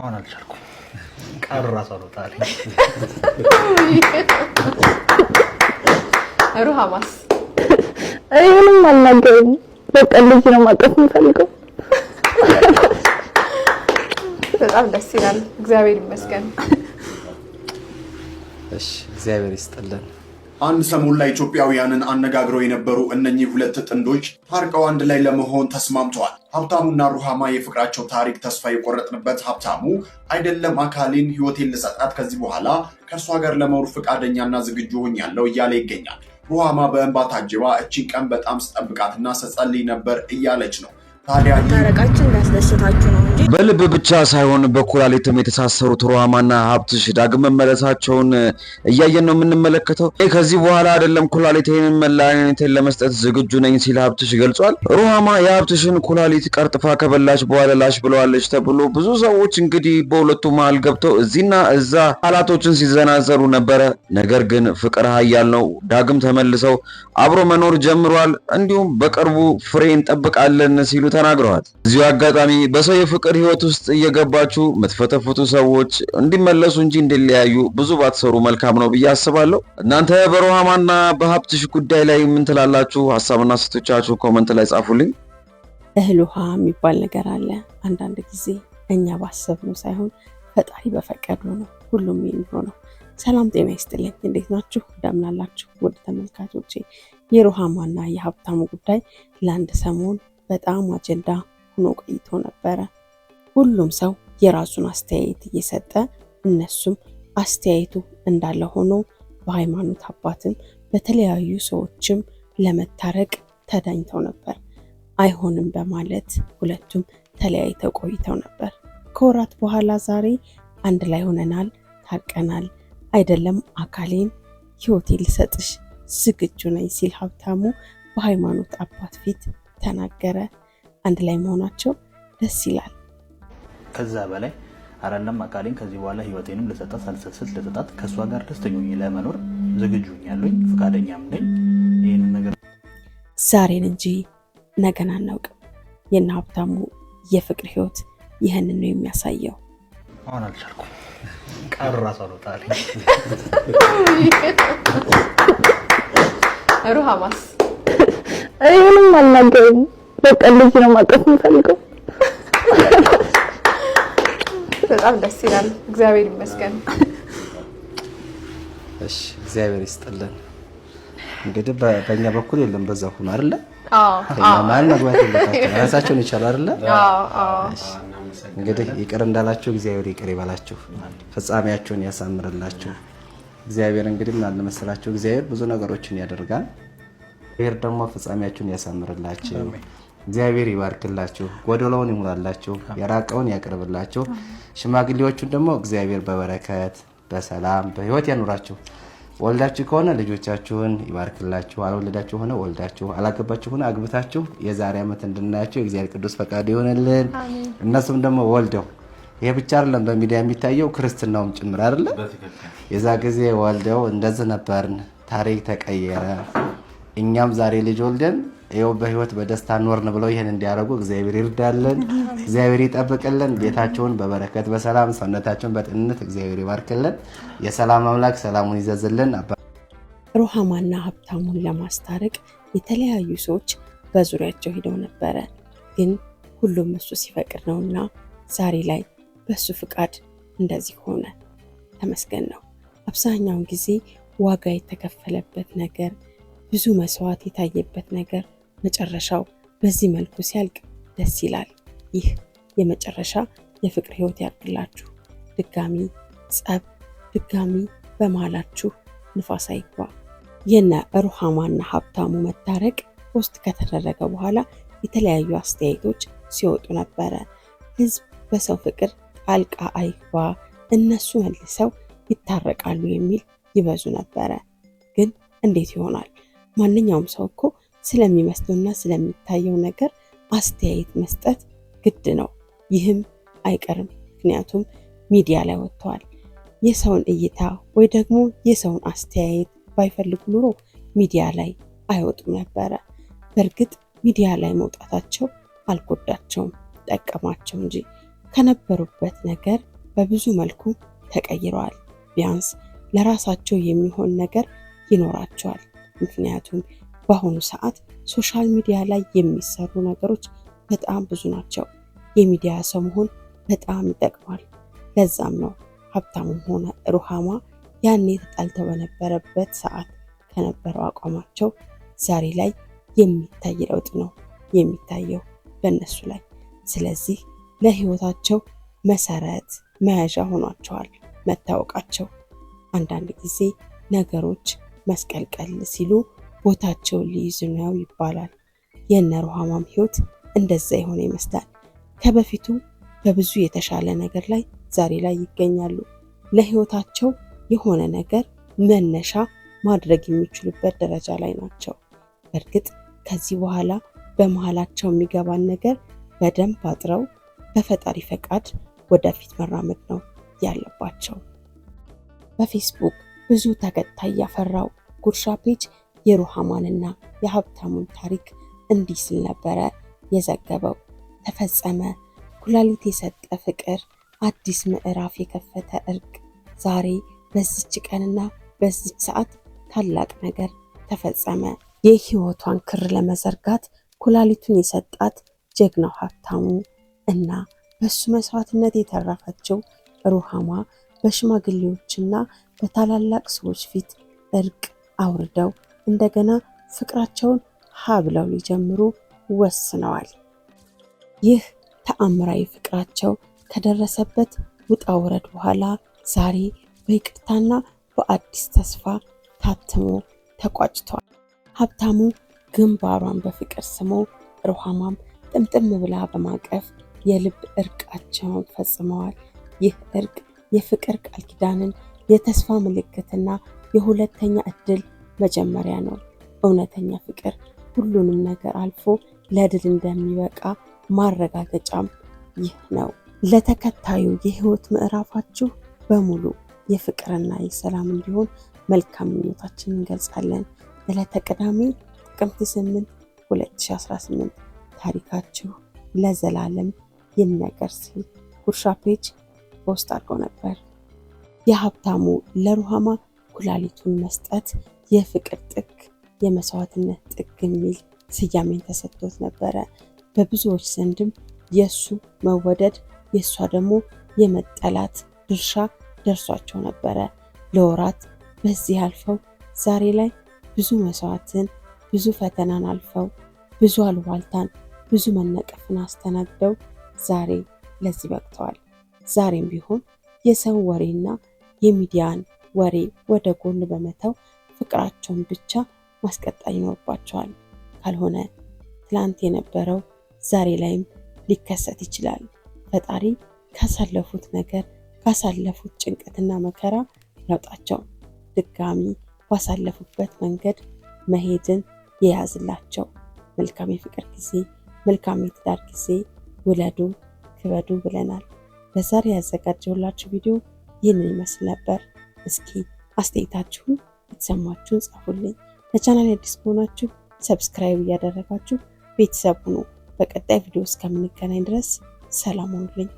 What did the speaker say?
አሁን አልቻልኩም። ቃሉ ራሱ አልወጣል። ሩሃማስ ምንም አልናገረኝም። በቃ ልጅ ነው ማቀፍ የምፈልገው። በጣም ደስ ይላል። እግዚአብሔር ይመስገን። እሺ፣ እግዚአብሔር ይስጥልን። አንድ ሰሞን ላይ ኢትዮጵያውያንን አነጋግረው የነበሩ እነኚህ ሁለት ጥንዶች ታርቀው አንድ ላይ ለመሆን ተስማምተዋል። ሀብታሙና ሩሃማ የፍቅራቸው ታሪክ ተስፋ የቆረጥንበት ሀብታሙ አይደለም አካሌን ሕይወቴን ልሰጣት ከዚህ በኋላ ከእርሷ ጋር ለመኖር ፈቃደኛና ዝግጁ ሆኛለሁ እያለ ይገኛል። ሩሃማ በእንባ ታጅባ እቺን ቀን በጣም ስጠብቃትና ስጸልይ ነበር እያለች ነው። ታዲያ ታረቃችን እንዳስደሰታችሁ ነው በልብ ብቻ ሳይሆን በኩላሊትም የተሳሰሩት ሩሃማና ሀብትሽ ዳግም መመለሳቸውን እያየን ነው የምንመለከተው። ከዚህ በኋላ አይደለም ይህንን መላኔቴን ለመስጠት ዝግጁ ነኝ ሲል ሀብትሽ ገልጿል። ሩሃማ የሀብትሽን ኩላሊት ቀርጥፋ ከበላሽ በኋላ ላሽ ብለዋለች ተብሎ ብዙ ሰዎች እንግዲህ በሁለቱ መሀል ገብተው እዚህና እዛ ቃላቶችን ሲዘናዘሩ ነበረ። ነገር ግን ፍቅር ሀያል ነው። ዳግም ተመልሰው አብሮ መኖር ጀምሯል። እንዲሁም በቅርቡ ፍሬ እንጠብቃለን ሲሉ ተናግረዋል። እዚሁ አጋጣሚ በሰው የፍቅር ፍቅር ህይወት ውስጥ እየገባችሁ የምትፈተፍቱ ሰዎች እንዲመለሱ እንጂ እንዲለያዩ ብዙ ባትሰሩ መልካም ነው ብዬ አስባለሁ። እናንተ በሮሃማና በሀብትሽ ጉዳይ ላይ ምን ትላላችሁ? ሀሳብና ስቶቻችሁ ኮመንት ላይ ጻፉልኝ። እህል ውሃ የሚባል ነገር አለ። አንዳንድ ጊዜ እኛ ባሰብነው ሳይሆን ፈጣሪ በፈቀዱ ነው ሁሉም የሚሆነው። ሰላም ጤና ይስጥልኝ። እንዴት ናችሁ? እንደምናላችሁ ወደ ተመልካቾቼ። የሮሃማና የሀብታሙ ጉዳይ ለአንድ ሰሞን በጣም አጀንዳ ሆኖ ቆይቶ ነበረ። ሁሉም ሰው የራሱን አስተያየት እየሰጠ እነሱም አስተያየቱ እንዳለ ሆኖ በሃይማኖት አባትም በተለያዩ ሰዎችም ለመታረቅ ተዳኝተው ነበር። አይሆንም በማለት ሁለቱም ተለያይተው ቆይተው ነበር። ከወራት በኋላ ዛሬ አንድ ላይ ሆነናል፣ ታርቀናል፣ አይደለም አካሌን ህይወቴ ልሰጥሽ ዝግጁ ነኝ ሲል ሀብታሙ በሃይማኖት አባት ፊት ተናገረ። አንድ ላይ መሆናቸው ደስ ይላል። ከዛ በላይ አረለም አካሌን ከዚህ በኋላ ህይወቴንም ልሰጣት ሳልሰስት ልሰጣት ከእሷ ጋር ደስተኞኝ ለመኖር ዝግጁ ያሉኝ ፈቃደኛም ነኝ። ይህን ነገር ዛሬን እንጂ ነገን አናውቅም። የእነ ሀብታሙ የፍቅር ህይወት ይህንን ነው የሚያሳየው። አሁን አልቻልኩም። ቃሩ ራሷ አልወጣል። ሩሃማስ ይህንም አልናገርም። በቃ እንደዚህ ነው ማቀፍ የምፈልገው በጣም ደስ ይላል። እግዚአብሔር ይመስገን። እሺ፣ እግዚአብሔር ይስጥልን። እንግዲህ በእኛ በኩል የለም በዛ ሁኑ አይደለ? አዎ፣ አዎ። ማን መግባት የለባቸውም ራሳቸውን ይቻሉ አይደለ? አዎ፣ አዎ። እንግዲህ ይቅር እንዳላችሁ እግዚአብሔር ይቅር ይበላችሁ፣ ፍጻሜያችሁን ያሳምርላችሁ። እግዚአብሔር እንግዲህ ምን አለ መሰላችሁ፣ እግዚአብሔር ብዙ ነገሮችን ያደርጋል። እግዚአብሔር ደግሞ ፍጻሜያችሁን ያሳምርላችሁ። እግዚአብሔር ይባርክላችሁ፣ ጎደሎውን ይሙላላችሁ፣ የራቀውን ያቅርብላችሁ። ሽማግሌዎቹን ደግሞ እግዚአብሔር በበረከት በሰላም በህይወት ያኑራችሁ። ወልዳችሁ ከሆነ ልጆቻችሁን ይባርክላችሁ። አልወለዳችሁ ሆነ ወልዳችሁ፣ አላገባችሁ ሆነ አግብታችሁ የዛሬ ዓመት እንድናያቸው የእግዚአብሔር ቅዱስ ፈቃድ ይሆንልን። እነሱም ደግሞ ወልደው ይሄ ብቻ አይደለም፣ በሚዲያ የሚታየው ክርስትናውም ጭምር አይደለ? የዛ ጊዜ ወልደው እንደዚህ ነበርን፣ ታሪክ ተቀየረ። እኛም ዛሬ ልጅ ወልደን ይኸው በህይወት በደስታ ኖርን ብለው ይህን እንዲያደርጉ እግዚአብሔር ይርዳልን እግዚአብሔር ይጠብቅልን። ቤታቸውን በበረከት በሰላም ሰውነታቸውን በጤንነት እግዚአብሔር ይባርክልን። የሰላም አምላክ ሰላሙን ይዘዝልን። ሩሃማና ሀብታሙን ለማስታረቅ የተለያዩ ሰዎች በዙሪያቸው ሂደው ነበረ፣ ግን ሁሉም እሱ ሲፈቅድ ነውና ዛሬ ላይ በእሱ ፍቃድ እንደዚህ ሆነ። ተመስገን ነው። አብዛኛውን ጊዜ ዋጋ የተከፈለበት ነገር ብዙ መስዋዕት የታየበት ነገር መጨረሻው በዚህ መልኩ ሲያልቅ ደስ ይላል። ይህ የመጨረሻ የፍቅር ህይወት ያድርግላችሁ። ድጋሚ ጸብ፣ ድጋሚ በመሃላችሁ ንፋስ አይግባ። የነ ሩሃማና ሀብታሙ መታረቅ ፖስት ከተደረገ በኋላ የተለያዩ አስተያየቶች ሲወጡ ነበረ። ህዝብ በሰው ፍቅር ጣልቃ አይግባ፣ እነሱ መልሰው ይታረቃሉ የሚል ይበዙ ነበረ። ግን እንዴት ይሆናል? ማንኛውም ሰው እኮ ስለሚመስለውና ስለሚታየው ነገር አስተያየት መስጠት ግድ ነው። ይህም አይቀርም፣ ምክንያቱም ሚዲያ ላይ ወጥተዋል። የሰውን እይታ ወይ ደግሞ የሰውን አስተያየት ባይፈልጉ ኑሮ ሚዲያ ላይ አይወጡም ነበረ። በእርግጥ ሚዲያ ላይ መውጣታቸው አልጎዳቸውም፣ ጠቀማቸው እንጂ ከነበሩበት ነገር በብዙ መልኩ ተቀይረዋል። ቢያንስ ለራሳቸው የሚሆን ነገር ይኖራቸዋል። ምክንያቱም በአሁኑ ሰዓት ሶሻል ሚዲያ ላይ የሚሰሩ ነገሮች በጣም ብዙ ናቸው። የሚዲያ ሰው መሆን በጣም ይጠቅማል። ለዛም ነው ሀብታሙም ሆነ ሩሃማ ያኔ ተጣልተው በነበረበት ሰዓት ከነበረው አቋማቸው ዛሬ ላይ የሚታይ ለውጥ ነው የሚታየው በእነሱ ላይ። ስለዚህ ለህይወታቸው መሰረት መያዣ ሆኗቸዋል መታወቃቸው። አንዳንድ ጊዜ ነገሮች መስቀልቀል ሲሉ ቦታቸውን ሊይዙ ነው ይባላል። የእነ ሩሃማም ህይወት እንደዛ የሆነ ይመስላል። ከበፊቱ በብዙ የተሻለ ነገር ላይ ዛሬ ላይ ይገኛሉ። ለህይወታቸው የሆነ ነገር መነሻ ማድረግ የሚችሉበት ደረጃ ላይ ናቸው። በእርግጥ ከዚህ በኋላ በመሃላቸው የሚገባን ነገር በደንብ አጥረው በፈጣሪ ፈቃድ ወደፊት መራመድ ነው ያለባቸው። በፌስቡክ ብዙ ተከታይ ያፈራው ጉርሻ ፔጅ የሩሃማንና የሀብታሙን ታሪክ እንዲህ ሲል ነበረ የዘገበው። ተፈጸመ። ኩላሊት የሰጠ ፍቅር፣ አዲስ ምዕራፍ የከፈተ እርቅ። ዛሬ በዚች ቀንና በዚች ሰዓት ታላቅ ነገር ተፈጸመ። የህይወቷን ክር ለመዘርጋት ኩላሊቱን የሰጣት ጀግናው ሀብታሙ እና በሱ መስዋዕትነት የተረፈችው ሩሃማ በሽማግሌዎችና በታላላቅ ሰዎች ፊት እርቅ አውርደው እንደገና ፍቅራቸውን ሀ ብለው ሊጀምሩ ወስነዋል። ይህ ተአምራዊ ፍቅራቸው ከደረሰበት ውጣ ውረድ በኋላ ዛሬ በይቅርታና በአዲስ ተስፋ ታትሞ ተቋጭቷል። ሀብታሙ ግንባሯን በፍቅር ስሞ ሩሃማም ጥምጥም ብላ በማቀፍ የልብ እርቃቸውን ፈጽመዋል። ይህ እርቅ የፍቅር ቃል ኪዳንን፣ የተስፋ ምልክትና የሁለተኛ እድል መጀመሪያ ነው። እውነተኛ ፍቅር ሁሉንም ነገር አልፎ ለድል እንደሚበቃ ማረጋገጫም ይህ ነው። ለተከታዩ የህይወት ምዕራፋችሁ በሙሉ የፍቅርና የሰላም እንዲሆን መልካም ምኞታችን እንገልጻለን። ዕለተ ቅዳሜ ጥቅምት 8 2018 ታሪካችሁ ለዘላለም ይነገር ሲል ጉርሻ ፔጅ ፖስት አድርጎ ነበር። የሀብታሙ ለሩሃማ ኩላሊቱን መስጠት የፍቅር ጥግ፣ የመስዋዕትነት ጥግ የሚል ስያሜን ተሰጥቶት ነበረ። በብዙዎች ዘንድም የእሱ መወደድ የእሷ ደግሞ የመጠላት ድርሻ ደርሷቸው ነበረ። ለወራት በዚህ አልፈው ዛሬ ላይ ብዙ መስዋዕትን፣ ብዙ ፈተናን አልፈው ብዙ አልዋልታን፣ ብዙ መነቀፍን አስተናግደው ዛሬ ለዚህ በቅተዋል። ዛሬም ቢሆን የሰው ወሬና የሚዲያን ወሬ ወደ ጎን በመተው ፍቅራቸውን ብቻ ማስቀጠል ይኖርባቸዋል። ካልሆነ ትላንት የነበረው ዛሬ ላይም ሊከሰት ይችላል። ፈጣሪ ካሳለፉት ነገር ካሳለፉት ጭንቀትና መከራ ያውጣቸው። ድጋሚ ባሳለፉበት መንገድ መሄድን የያዝላቸው። መልካም የፍቅር ጊዜ፣ መልካም የትዳር ጊዜ። ውለዱ፣ ክበዱ ብለናል። በዛሬ ያዘጋጀሁላችሁ ቪዲዮ ይህንን ይመስል ነበር። እስኪ አስተያየታችሁን የተሰማችሁን ጻፉልኝ። ለቻናል አዲስ ከሆናችሁ ሰብስክራይብ እያደረጋችሁ ቤተሰብ ሁኑ። በቀጣይ ቪዲዮ እስከምንገናኝ ድረስ ሰላም ሁኑልኝ።